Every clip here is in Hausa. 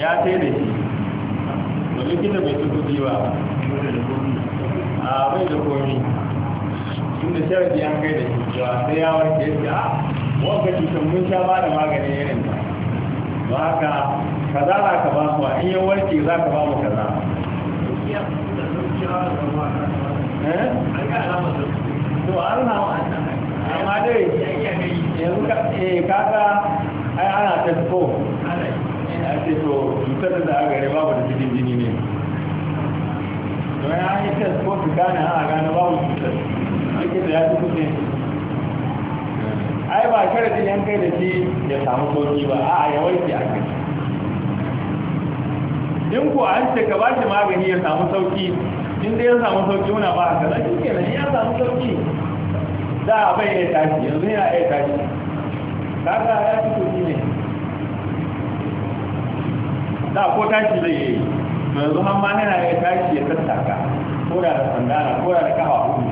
ya sai da shi da likita mai tuku ba. a bai da komi inda sharadi an kai da shi cewa sai ya warke shi a ah, wanka cutar mun sha ba da maganin irin ta ba haka kaza za ka ba su in yi warke za ka ba mu kaza eh? to an na amma dai yanzu kaga eh, ai ana tasko an ce to cutar da aka gare babu da cikin jini ne don an yi test ko su gane a gane babu cutar da ya fi kuɗi ai ba sharadin yan kai da shi ya samu sauki ba a ya warke a kai in ko an ce ka bashi shi magani ya samu sauki in dai ya samu sauki muna ba haka zai ke nan ya samu sauki da bai ya tashi yanzu yana ya tashi kaga ya fi kuɗi ne da ko tashi zai yi to yanzu hamma yana ya tashi ya tattaka ko da da sandana ko da da kafa hudu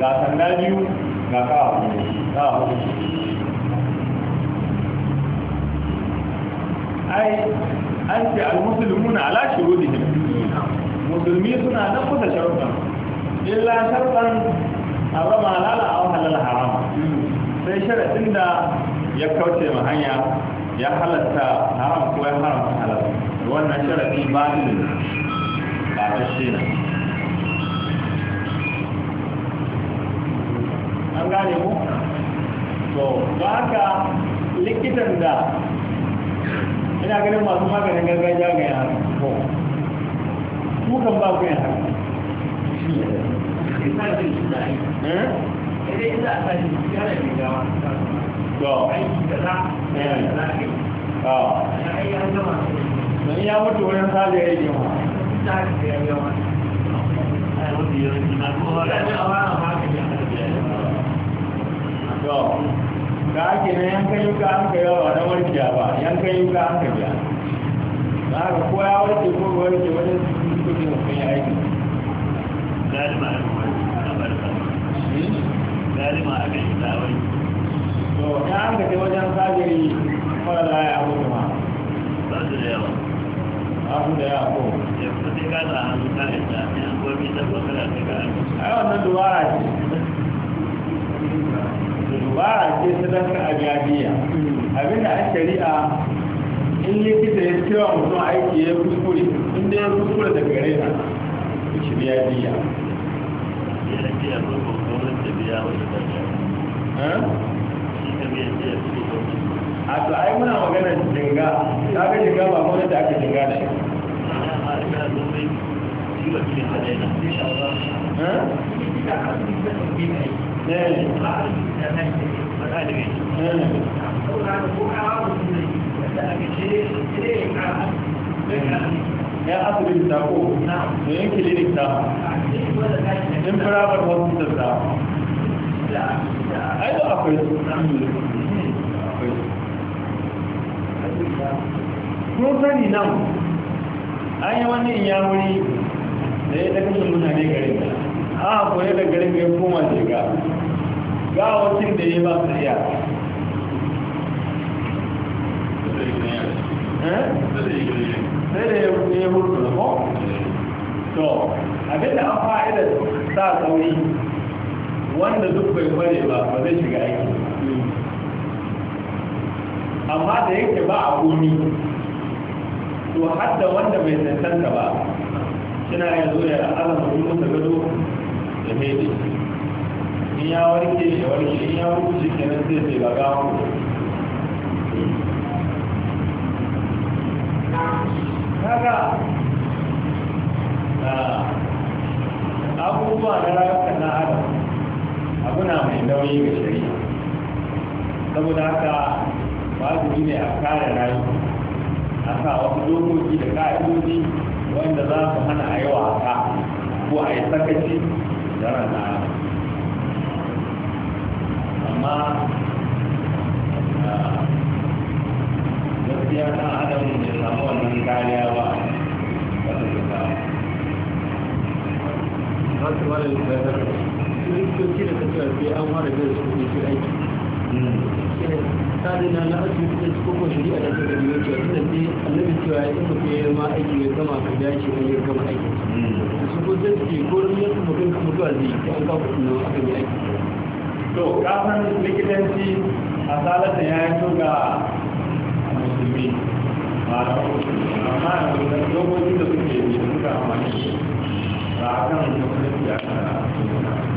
ga sanda biyu ga kafa hudu kafa hudu ai an ce al-muslimuna ala shurudihim musulmi suna da kusa sharuɗan illa sharuɗan harama halala aw halal haram sai sharaɗin da ya kauce ma hanya ya halatta haram ko ya haramta halal wannan sharadi ba ne ba ta shi an gane mu to ba haka likitan da ina ganin masu maganin gargajiya ga yara ko kukan ba ku yin haka eh? don ya mutu wurin sale ya yi ga ake na an ka yawa na warkiya ba an ka biya na ya warke ko warke wani suke aiki galima a kan isawai to ya an ka wajen fajiri mara laya abu kuma ba su da yawa abu da yawa ko ya fi sai ka a hannu ka da ta ne an gobe ta bakara ta ga a yawan nan dubara ce dubara ce ta danka a jabiya abinda a shari'a in likita ya cewa mutum aiki ya kuskure inda ya kuskure daga gare ta shirya biya a to ai muna magana jinga ta ga jinga ba kuma da aka jinga da ya asibiti ta ko da yanki ta in firabar wasu da ta ai akwai sani nan an yi wani yawuri da ya mutane a koyar da ya koma ga da ya ba su eh? sai da ya da ko? to abinda an fa'ida sa sauri wanda duk bai bane ba ba zai shiga aiki amma da yake ba a komi to har da wanda bai tantanta ba suna ya zo ya alama ruwan da gado da haidi in ya warke ya warke in ya wuce nan zai sai ba gawo kaga ah, abubuwa na ragar na adam abuna mai nauyi ga shari'a saboda haka ba su ne a kare rayu a sa wasu dokoki da ka'idoji wanda za su hana a yi wasa ko a yi sakaci da rana amma gaskiya na adam ya samu wannan kariya ba wata da ta kiristoci da kasuwa sai an fara da su ne su aiki tsarin hmm. na asibiti da su koko annabi cewa ya ke ma aiki ya gama ka dace ne ya gama aiki hmm. su ko sai ce ko rin yasu mutum ka mutuwa zai ta an kawo aka yi aiki to kafin likitanci a salata ya yi ga musulmi amma da dokokin da suke yi suka ba a kan musulmi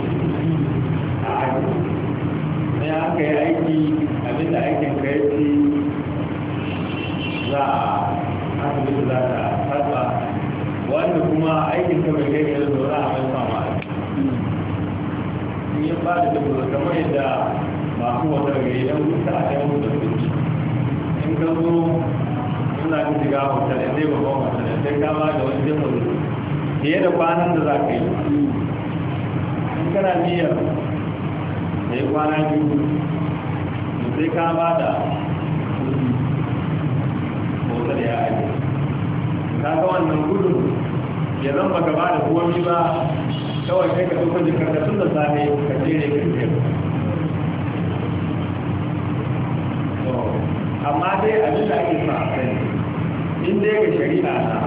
da kuma kamar yadda masu wata ga idan a in ka zo suna shiga da zai babban wata da sai kama da wani jefa fiye da kwanan da za ka yi in kana niyyar da ya kwana biyu sai ka ba da motar ya ka ga wannan gudun ya zama gaba da komi ba kawai kai ka dukkan jikar da tun da safe ka jere ka jere amma dai abin da ake sa sai in dai ga shari'a na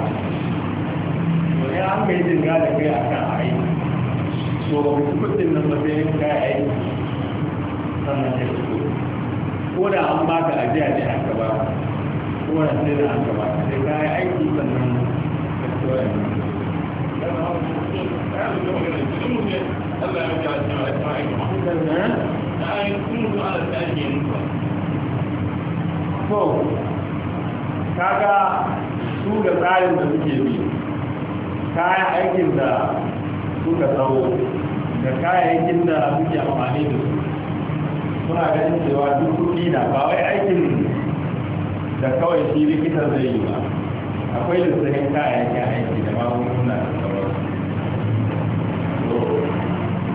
to ya an kai jin gada kai a kan aiki to kudin nan ba sai ka yi aiki sannan sai ku ko da an ba ka ajiya ne aka ba ko da sai da aka ba sai ka yi aiki sannan ka tsoya ne so kaga su da tsarin da suke bi kayan aikin da suka tsawo da kayayyakin da suke amfani da su suna ganin cewa duk kuɗi na ba wai aikin da kawai shi likita zai yi ba akwai da sanin kayayyakin aiki da magunguna da sauran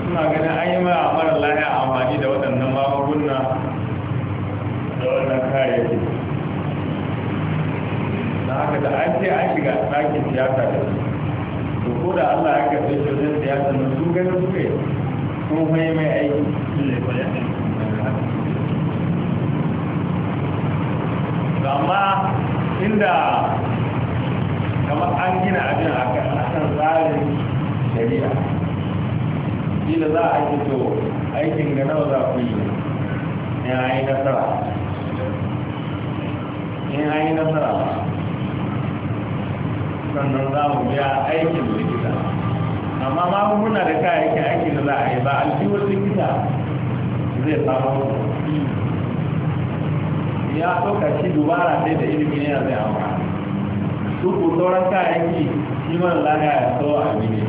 suna ganin an yi ma mara lahiya amfani da waɗannan magunguna da waɗannan kayayyaki na haka da an ce an shiga ɗakin siyasa da su ko da allah ya kasance shi wajen siyasa na su ganin su ne ko mai mai aiki amma inda kamar an gina abin a kan tsarin shari'a kila za a yi to aikin da nawa za ku yi ne an yi nasara in an yi nasara sannan za mu biya aikin likita amma magunguna da yake aikin da za a yi ba a alfiwar likita zai samu ya tsoka shi dubara sai da ilimi ne zai amfani su ku sauran kayayyaki shi mara lagaya ya so a gini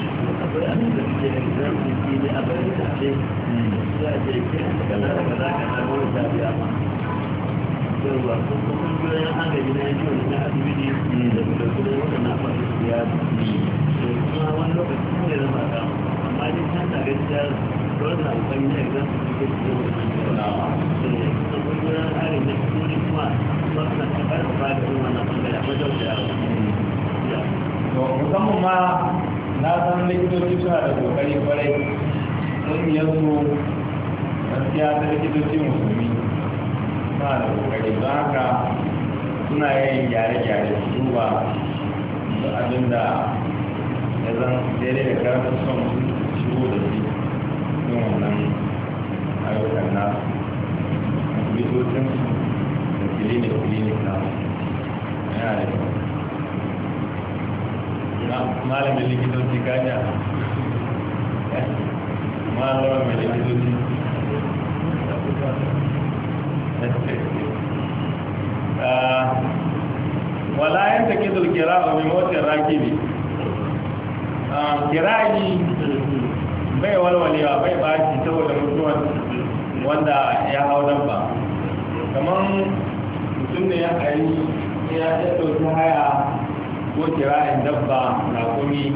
akwai abin da suke da zamani shi ne a bari da ce za a je ke kana da ba za ka samu wata biya ma yawwa ko kuma kuyoyin agaji na yanki wani na asibiti da kuma kudin wata na faɗi biya da kuma wani lokaci ne da ba amma dai can na gaskiya dole na kokari na yanzu su suke cikin wannan jarabawa da kuma kuyoyin agaji na kudin kuma ba su na karfafa da wannan bangare a wajen da ya musamman ma na san likitoci suna da kokari kwarai sun iya su gaskiya ta likitoci musulmi suna da kokari don haka suna yin gyare-gyare su duba da abin da ya zan daidai da karfin son shigo da shi cikin wannan ayyukan na likitocin da kilinik kilinik na yana da kyau malamin likitoci kaja malamin likitoci ah, wala yin take zulkira a mai motar raki ne ah, kirayi bai walwalewa bai baci saboda mutuwar wanda ya hau nan ba kamar mutum ne ya kari ya ɗauki haya ko kira'in dabba na kuni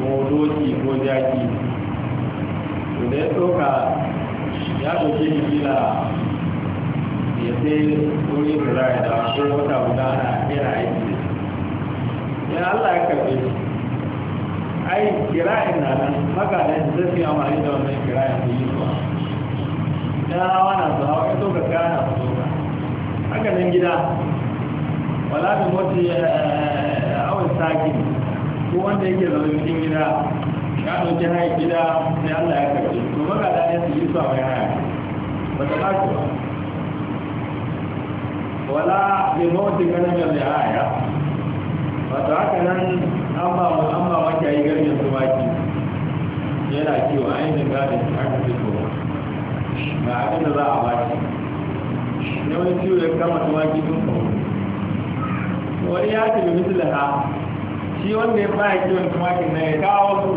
ko doki ko jaki to da ya tsoka ya ɗauke ni kila ya sai wuri guda ya da ko wata guda na kira aiki ya Allah ya karbe ai kira'in na nan maka da shi zai fiye amfani da wannan kira'in su yi zuwa ya hawa na su hawa ya tsoka kaya na su tsoka haka nan gida wala da mutu sake ko wanda yake zaune cikin gida ya ɗauki haya gida sai Allah ya karɓi to maka da ya su yi su mai haya ba ta ɓaci ba wala bai mawata ganin da mai haya ta haka nan an ba mu an ba ya yi garin tumaki yana cewa a yin gadin aka fito ba abin da za a baki ne wani ciwo ya kama tumaki tun kawo wani ya ce bi misalin ha shi wanda ya ba ya kiwon tumakin na ya kawo su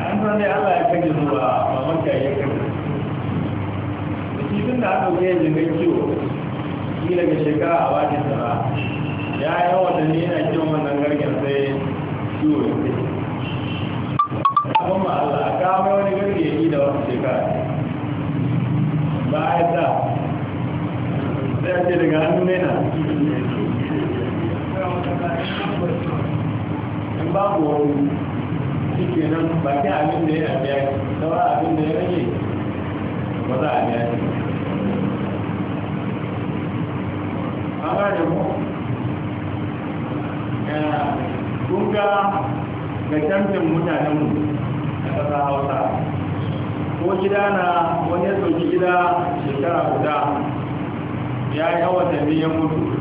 an san dai Allah ya kaji zuwa mamanta ya kaji da shi tun da aka wuce ya jirgin kiwo shi daga shekara a wajen sana ya yi watanni yana kiwon wannan gargen sai kiwo ya kai kuma Allah ka mai wani garke yi da wasu shekara ba a yi ta sai a ce daga hannu ne na babu wani shi ke nan baki abin da ya biya saura abin da ya rage ba za a biya shi an gane mu kun ga ga canjin mutanen mu na ƙasa hausa ko gida na wani ya soki gida shekara guda ya yi hawa da ya mutu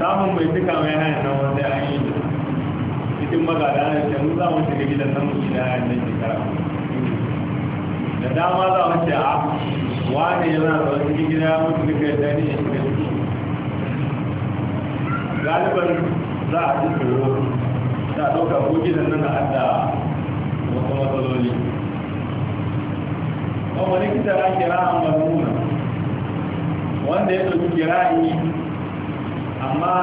samun bai cika mai hanyar nan wanda ya yi cikin magada na mun za mu shiga gidan nan mu gida ne shekara da dama za mu ce a wani yana da cikin gida ya mutu duka ya dani ya shiga ciki galiban za a ji tsoro za a ɗauka ko gidan nan a da wasu matsaloli kuma wani kita na kira a mazmuna wanda ya ɗauki kira yi amma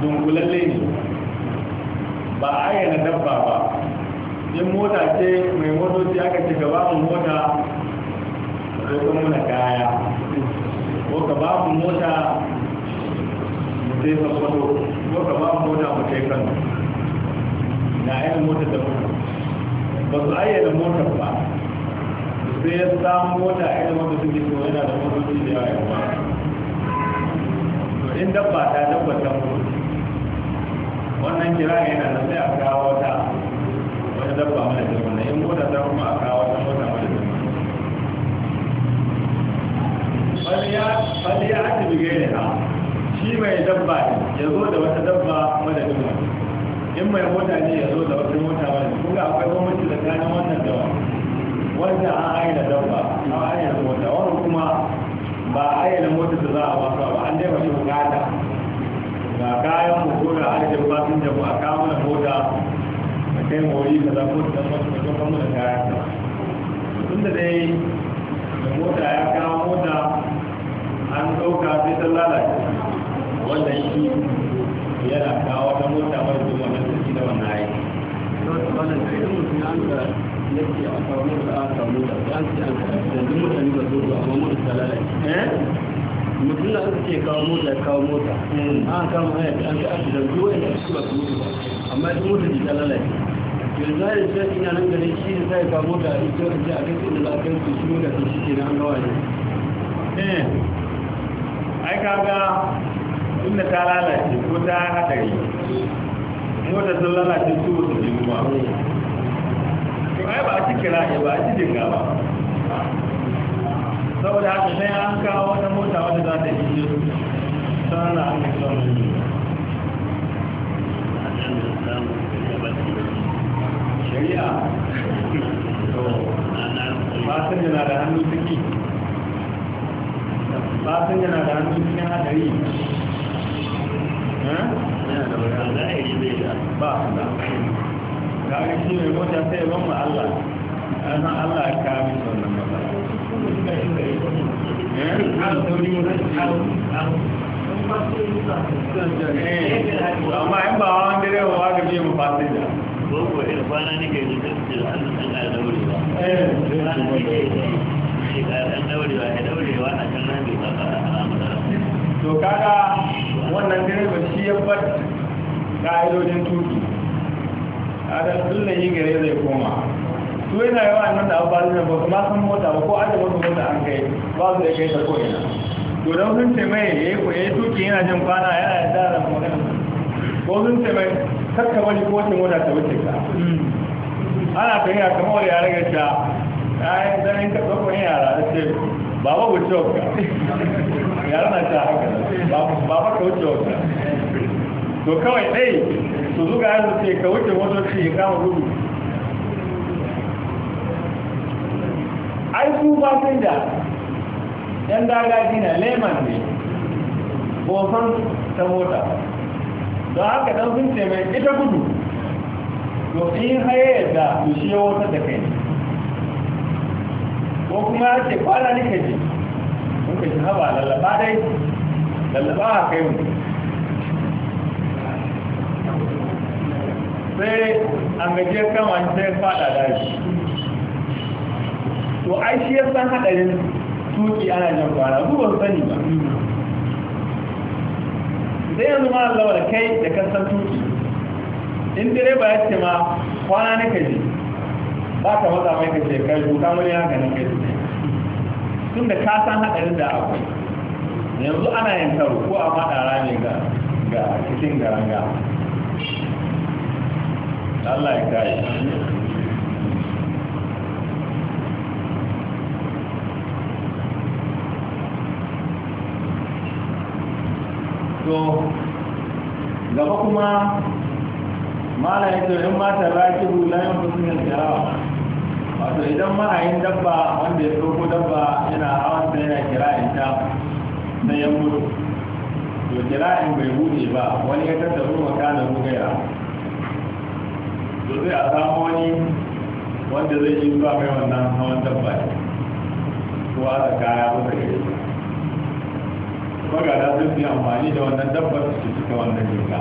dunkulalle ne ba a yana dabba ba in mota ce mai motoci aka ce gaba mu mota ko muna kaya ko ka ba mu mota mu sai ka kwato ko ka ba mu mota mu kai kan na ayyana mota da mu ba su ayyana motar ba sai ya samu mota a irin wanda suke so yana da motoci da yawa yawa in dabba ta dabba ta mutu wannan kira ne yana da sai a kawo wata wani dabba mana da wannan in mota ta kuma a kawo wata mota mana da wannan bali ya ake bige ne ha shi mai dabba ne ya zo da wata dabba mana jirgin wannan in mai mota ne ya zo da wata mota mana jirgin kuma akwai bambanci tsakanin wannan dawa? wanda an aina dabba a aina mota wannan kuma ba a ayyana mota da za a masu ba an dai mashi bukata ga kayan mu kaza ko da zama da zama da kaya tun da dai da mota ya kawo mota an ɗauka sai ta lalace wanda shi yana kawo ta mota mai zuwa na sarki da wannan aiki. Wannan mutum an a kawo a kawo an eh? da aka ce kawo mota kawo mota hmm. an kama hanyar an ga aka zargi wa'in da su ba su mutu ba amma ita mota ji yanzu ya ce ina nan gare shi ne sai kamo da a ita wajen a kai da lafiyar su shi da su shi ke nan gawa ne eh ai kaga inda ta lalace ko ta hadari mota sun lalace su wasu ne kuma to ai ba a ci kira ba a ci dinga ba saboda haka sai an kawo wata mota wadda za ta yi sana an kawo wani Thank you. shari'a to basan yana da hannun ciki basan yana da hannun cikin hadari ba da kare shi mai mota sai ban ma Allah an Allah ya kawo wannan matsala amma in ba wani direwa ga biyan fasinja ko ko ina kwana nake da tafi da Allah san ka daurewa eh kwana nake shi ka dan daurewa ka daurewa a kan nan bai ba al'amura to kaga wannan direba shi ya bar ka'idodin tuki a da tsulla yi gare zai koma su yana yawa nan da abubuwan da ba su ma san mota ba ko ajiye wata mota an kai ba su da kai ta ko ina to don sun ce mai ya yi tuki yana jin kwana yana da magana ko sun ce mai kakka bari ko wata wada ta wuce ka ana tafiya kamar yare ga ta ayin dan in ka tsoko yara ce baba wuce ka yara na ta haka ba baba ka wuce ka to kawai dai su zuga yanzu ce ka wuce ce ya kama gudu ai su ba sun da yan dagaji na leman ne bosan ta mota don haka dan sun ce mai ita gudu to in haye da to shi wata da kai ko kuma ya ce kwana nika ji mun ka shi haba lallaba dai lallaba a kai mu sai an gajiyar kan an sai fada daji to ai shi ya san hadarin tuki ana jan kwana su sani ba sai yanzu ma Allah da kai da kasan tuki in direba ya ce ma kwana ne ka ba ka wata mai kace ce kai ta wani haka na kai tun da ka san hadarin da akwai yanzu ana yin taro ko a maɗa rami ga ga cikin garanga Allah ya kai to gaba kuma mala ya in mata raki yan yin fusunan kirawa wato idan mahayin dabba wanda ya tsoko dabba yana hawan da yana kira'in ta na yan gudu to kira'in bai buɗe ba wani ya tattaru makanan rugaira to zai a samu wani wanda zai yi zuwa mai wannan hawan dabba ne ko a kaya ko da magana sun fi amfani da wannan dabbar su cika wannan jirga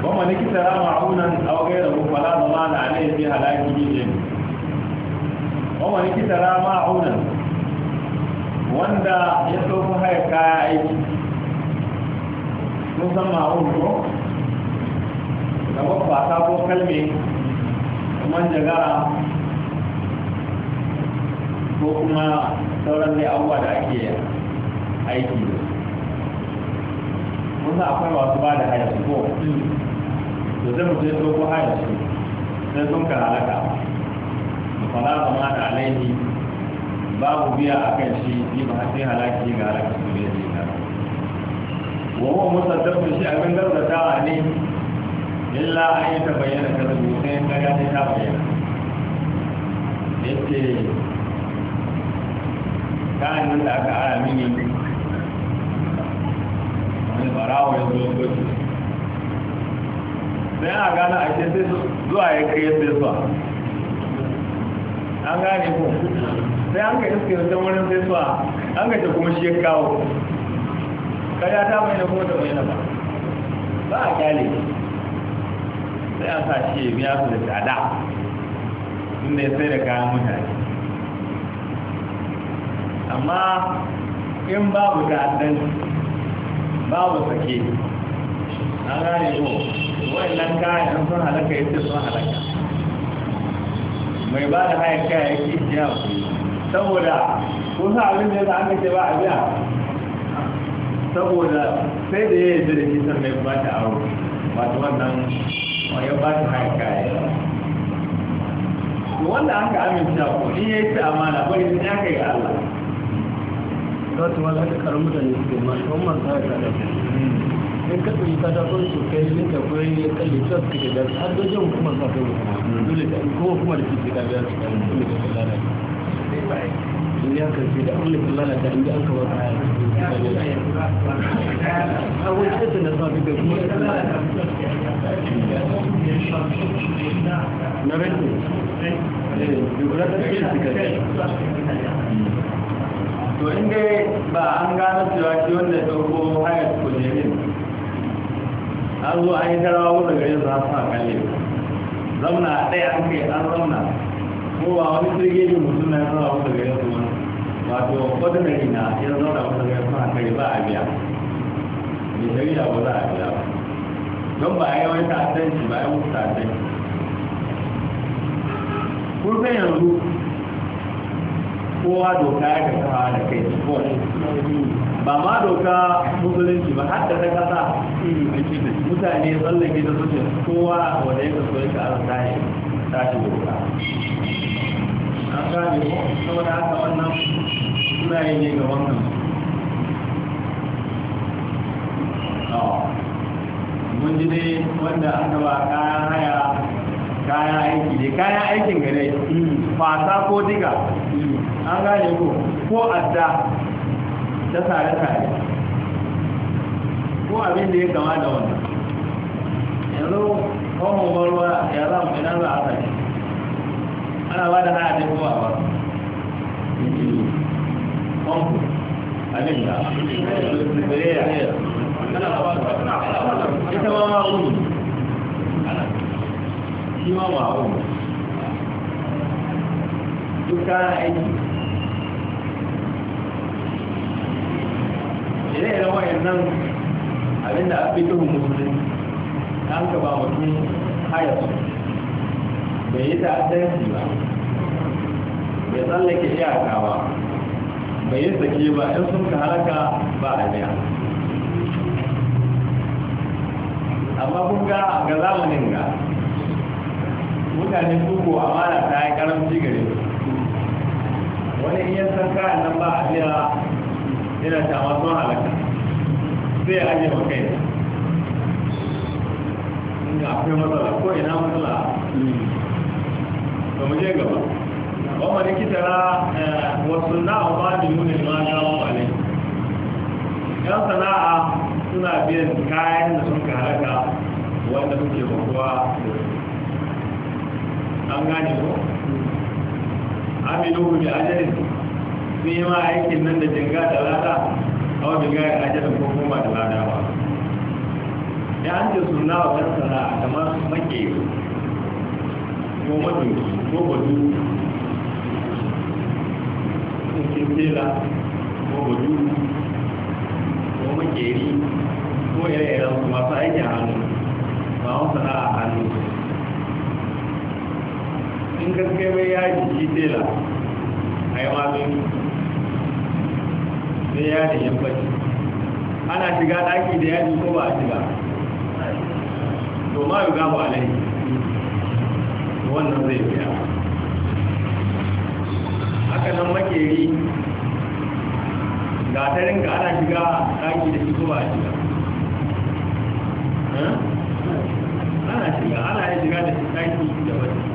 kuma likita ra ma'aunan aukai da kufala zama na alayin fi halaki ne kuma likita ra ma'aunan wanda ya ɗauki haya kaya aiki sun san ma'aun ko da babbata ko kalme man jagara ko kuma sauran dai abubuwa da ake yi aiki kun san akwai masu ba da haya su ko to zai mutu ya ko haya su sai sun ka halaka fala zama da alaihi babu biya a kan shi yi ba sai halaki ga alaka su ne da ita wa huwa musaddaqun shi abin garzatawa ne illa an yi ta bayyana ka rubu sai ka gane ta bayyana yake ta hannun da aka ara mini wani barawa ya zo doki sai a gane a sai zuwa ya kai sai zuwa an gane ko sai an ka iske wajen wurin sai zuwa an ka ce kuma shi ya kawo kada ta mai da kuma ta mai ba ba a kyale sai an sa shi ya biya su da tsada inda ya sai da kayan mutane amma in babu ta'addanci babu sake na gane ko wannan an sun halaka ya ce sun halaka mai ba da hayan kayan yake iya saboda kusa abin da an kace ba a biya saboda sai da ya yi da shi san mai ba ta aro ta wannan ya ba ta hayan kayan wanda aka amince ko in ya yi ta amana ko sun ya kai ga Allah zata su wani haka mutane su ma su kuma su da in ka tsaye ka dafa su kai yin ka koyi ne kan ta su ke dafa har dojin hukumar sa kai mutum dole ka yi kuma hukumar su ke dafa su kan mutum da ka lalata in ya karfi da an lifin lalata inda an kawar a yaya a wani ƙasa na sa duka kuma ta lalata na rinsu da kula ta ce su ka to inda ba an gano cewa shi wanda dogo ne kujerin an zo an yi tarawa gari gare su a suna kalle zauna ɗaya an kai an zauna ko ba wani sirgejin mutum na tarawa wuta gare su wani wato wata gari na ya zauna wuta gare a kare ba a biya mai shari'a ba za a biya ba don ba a yi wani ta'addanci ba a yi mutu ta'addanci kun san yanzu kowa doka ya kafa da kai ba ma doka musulunci ba har ta kasa mutane tsallake da suke kowa wanda ya kaso ya ka'ar ta tashi doka an gane ko saboda haka wannan suna yi ne ga wannan mun ji dai wanda an ba kayan haya kayan aiki ne kayan aikin gare fasa ko diga an gane ko ko adda ta tare-tare ko abin da ya gama da wannan yanzu kawon barwa ya za mu ina za a ana ba da haya ta kowa ba ita ma ma shi duk kana aiki ire iren wayannan abinda a fito musulun an ka mutum haya su bai yi ta'addanci ba bai tsallake shi a ba bai yi tsaki ba in sun ka halaka ba a biya amma kun ga ga zamanin ga mutane su ko amana ta yi karamci gare su wani in yan san kayan nan ba a jira yana tama masu halaka sai a ajiye wa kai inda akwai matsala ko ina matsala ba mu je gaba ba mu kitara eh, wasu na'a ba da nuna ma kawo a ne yan sana'a suna biyan kayan da sun karaka wanda suke bakuwa an gane ko amiluhu bi ajalin sun yi ma aikin nan da jinga da lada a wani gaya ajalin ko kuma da lada ba ya an ce suna wa wani sana'a kamar make ko madoki ko badu cikin tela ko badu ko makeri ko ire-iren masu aikin hannu ba wani sana'a hannu in ka kai mai yaji shi tela a yi mamin sai yadin yan bai? ana shiga ɗaki da yaji ko ba a shiga to ma yi gaba lai wannan zai biya haka nan makeri gatarin ka ana shiga ɗaki da shi ko ba a shiga eh? ana shiga ana shiga da shi ɗaki da wajen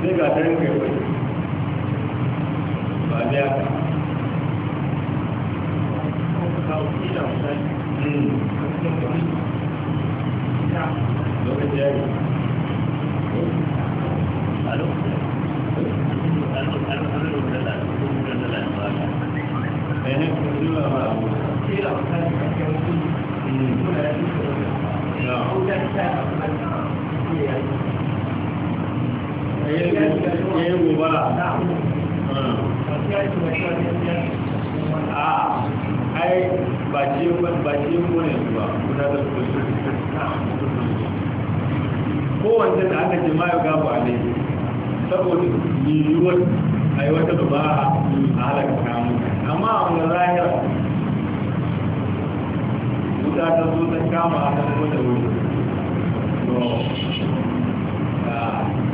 không? sao, sai ga daren kai wani ba biya ka lokaci ya yi a lokacin kowancan da aka ce ma ya gaba ne saboda a yi wata ba a halaka kamun amma a wani wuta ta zo ta kama a wata wuri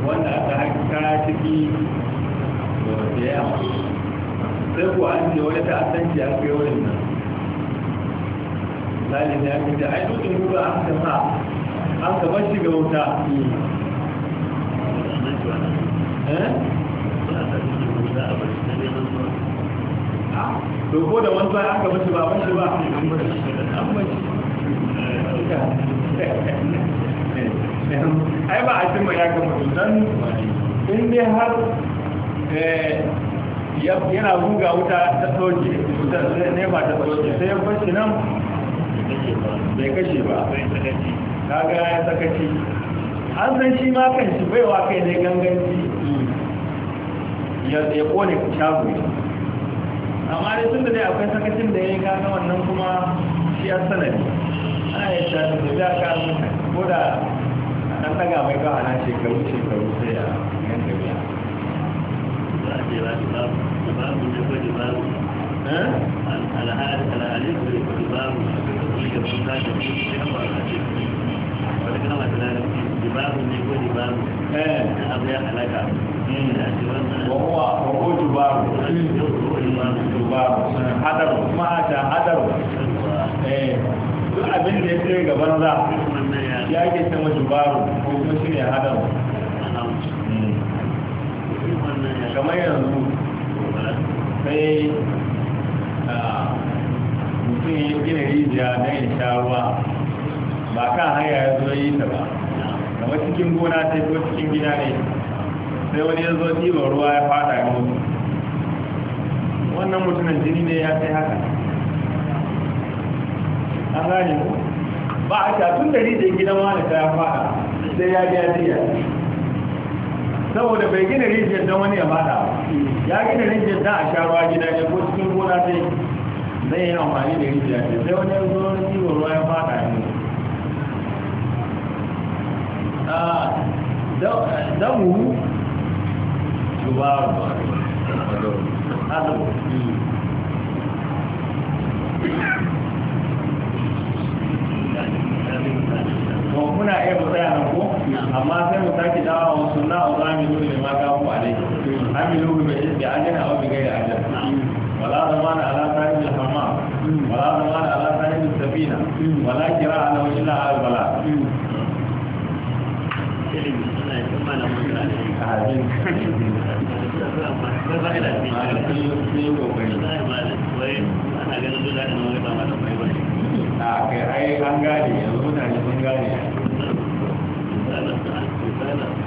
wanda aka haka ciki da wata yawa sai kuwa an ce wani ta'addanci a kai wurin nan misali ne ake da ai ruwa an ka sa an ka bar shiga wuta eh? to da wani bayan aka mashi ba a mace ba an mashi ai ba a ji ya gama nan in dai har eh, yana guga wuta ta sauke wutar nema ta sauke sai ya fashi nan bai kashe ba ta ga ya sakaci an san shi ma kan shi baiwa kai ne ganganci ya kone shago amma dai sun da dai akwai sakacin da ya yi gane wannan kuma shi ya sanadi ana yi shafi da za ka ko da an daga mai gawa na shekaru shekaru sai a yan tafiya za a ce ba su babu da babu da kwaje babu al'adar al'adar da kwaje babu da kwaje da sun tashi da shi an ba a ce wani kama da larabci da babu ne abu ya halaka ya ke ce mashi baro ko kuma shi ne hadar hmm. kamar yanzu sai mutum ya gina rijiya na yin sharuwa ruwa ba kan hanya ya zo yi ta ba kama cikin gona sai ko cikin gida ne sai wani ya zo ɗiba ruwa ya fata ya mutu wannan mutumin jini ne ya sai haka an gane ku ba a tun da rijiyar gidan wani ta ya fada sai ya biya diya saboda bai gina rijiyar don wani ya fada ya gina rijiyar don a sharuwa ruwa gida ya ko cikin gona sai zai yi amfani da rijiyar sai wani ya zo wani ciwon ruwa ya fada ya ne damu jubaru muna iya mutaya nan ko amma sai mu sake dawa wa sunna wa zamilu ne ma ku alai amilu bi bi ajana aw bi ghairi ajana wala zamana ala sahib al hamma wala zamana ala sahib al safina wala kira ala wajla al bala a kai ai an gane yanzu mutane sun gane ba na